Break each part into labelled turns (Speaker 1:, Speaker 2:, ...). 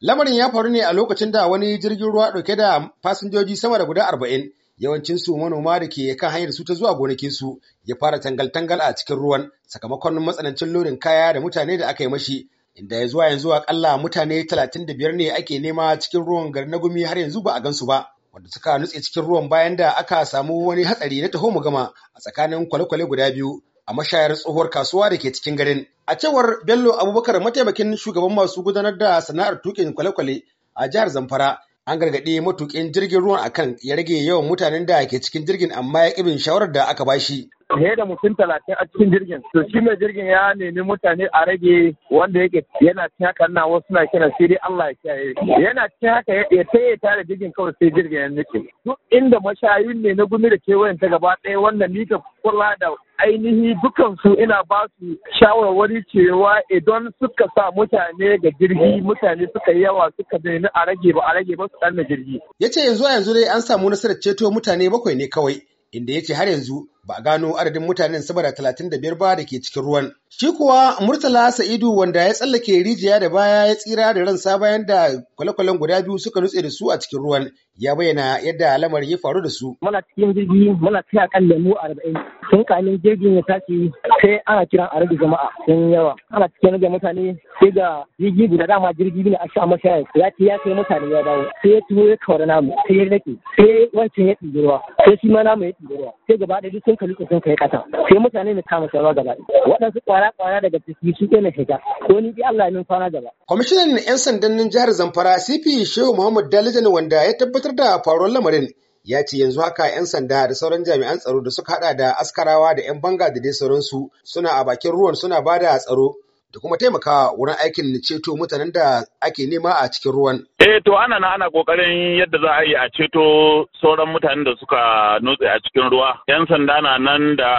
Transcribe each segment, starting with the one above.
Speaker 1: Lamarin ya faru ne a lokacin da wani jirgin ruwa ɗauke da fasinjoji sama da guda arba'in yawancin su manoma da ke kan hanyar su ta zuwa gonakin su ya fara tangal-tangal a cikin ruwan sakamakon matsanancin lorin kaya da mutane da aka yi mashi inda ya zuwa yanzu akalla mutane talatin da biyar ne ake nema cikin ruwan na garin gumi har yanzu ba a gansu ba wanda suka nutse cikin ruwan bayan da aka samu wani hatsari na taho mu gama a tsakanin kwale-kwale guda biyu a mashayar tsohuwar kasuwa da ke cikin garin. A cewar Bello Abubakar mataimakin shugaban masu gudanar da sana'ar tukin kwale-kwale a jihar Zamfara an gargaɗe matukin jirgin ruwan akan ya rage yawan mutanen da ke cikin jirgin amma ya ƙibin shawarar da aka bashi. fiye da mutum talatin a cikin jirgin to shi mai jirgin ya nemi mutane a rage wanda yake yana cikin haka na wasu na kiran sai dai Allah
Speaker 2: ya
Speaker 3: kiyaye yana
Speaker 2: cikin haka ya taye tare jirgin kawai sai jirgin ya nike duk inda mashayun ne na gumi da kewayen ta gaba ɗaya wanda ni ka kula da ainihi dukansu ina ba su shawarwari cewa idan suka sa mutane ga jirgi mutane suka yi yawa suka nemi a rage ba
Speaker 1: a rage ba su ɗan jirgi. Ya ce yanzu a yanzu dai an samu nasarar ceto mutane bakwai ne kawai inda ya ce har yanzu ba a gano adadin mutanen sama da talatin da biyar ba da ke cikin ruwan. Shi kuwa Murtala Sa'idu wanda ya tsallake rijiya da baya ya tsira da ransa bayan da kwale-kwalen guda biyu suka nutse da su a cikin ruwan ya bayyana yadda lamari ya faru da su. Muna cikin jirgi muna cikin kan lemu arba'in sun kamin jirgin ya tashi sai ana kiran
Speaker 2: a rage jama'a sun yawa ana cikin rage mutane sai da jirgi guda dama jirgi ne a sha masa ya ce ya sai mutane ya dawo sai ya tuwo ya kawar namu sai ya rage sai wancan ya ɗiɗi
Speaker 1: sai shi ma namu ya ɗiɗi sai gaba ɗaya sun hankali ko sun kai kasa sai mutane ne kama sauran gaba waɗansu kwara kwara daga ciki su ke na shiga ko ni bi Allah ne kwana gaba. kwamishinan 'yan sandan jihar zamfara cp shehu muhammad dalijan wanda ya tabbatar da faruwar lamarin ya ce yanzu haka 'yan sanda da sauran jami'an tsaro da suka hada da askarawa da 'yan banga da dai sauransu suna a bakin ruwan suna bada tsaro da kuma taimakawa wurin aikin na ceto mutanen da ake nema a cikin ruwan.
Speaker 2: Eh to ana na ana kokarin yadda za a yi a ceto sauran mutanen da suka nutse a cikin ruwa. Yan sanda na nan da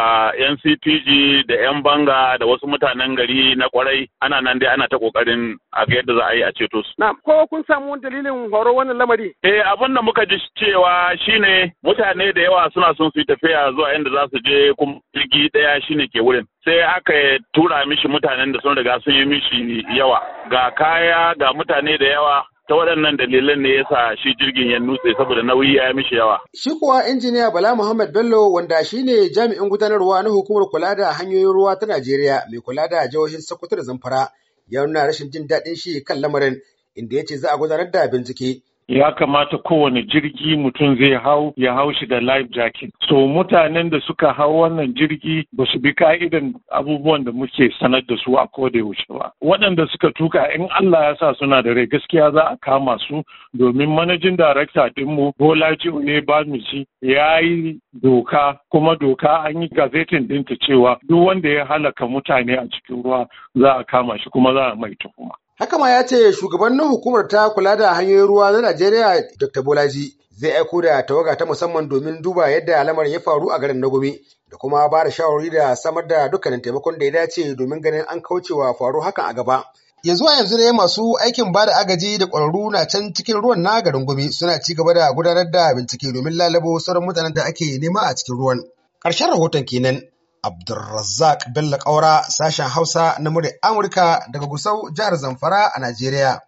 Speaker 2: yan CPG da yan banga da wasu mutanen gari na kwarai ana nan dai ana ta kokarin a ga yadda za a yi a ceto su.
Speaker 3: Na ko kun samu dalilin horo wannan lamari?
Speaker 2: Eh abin da muka ji cewa shine mutane da yawa suna son su tafiya zuwa inda za su je kuma jirgi daya shine ke wurin. Sai aka tura mishi mutanen da sun riga sun yi mishi yawa ga kaya ga mutane da yawa ta waɗannan dalilan ne yasa shi jirgin ya nutse saboda nauyi ya mishi yawa.
Speaker 1: Shi kuwa injiniya Bala Muhammad Bello wanda shine jami'in gudanarwa na hukumar kula da hanyoyin ruwa ta Najeriya mai kula da jihohin Sokoto da Zamfara ya nuna rashin jin daɗin shi kan lamarin inda ya ce za a gudanar da bincike
Speaker 3: ya kamata kowane jirgi mutum zai hau ya hau shi da life jacket so mutanen da suka hau wannan jirgi ba su bi ka'idan abubuwan da muke sanar da su a koda yaushe ba waɗanda suka tuka in Allah ya sa suna da rai gaskiya za a kama su domin manajin darakta dinmu Bolaji ne Bamiji ya yi doka kuma doka an yi gazetin dinta cewa duk wanda ya halaka mutane a cikin ruwa za a kama shi kuma za a mai tuhuma
Speaker 1: Haka ma ya ce shugabannin hukumar ta kula da hanyoyin ruwa na Najeriya Dr. Bolaji zai aiko da tawaga ta musamman domin duba yadda lamarin ya faru a garin Nagumi da kuma ba da shawarwari da samar da dukkanin taimakon da ya dace domin ganin an kaucewa faru hakan a gaba. Yanzu zuwa yanzu ne masu aikin ba da agaji da ƙwararru na can cikin ruwan na garin gumi suna ci gaba da gudanar da bincike domin lalabo sauran mutanen da ake nema a cikin ruwan. Ƙarshen rahoton kenan. Abdulrazak Bello Kaura sashen Hausa na muryar Amurka daga Gusau jihar Zamfara a Najeriya.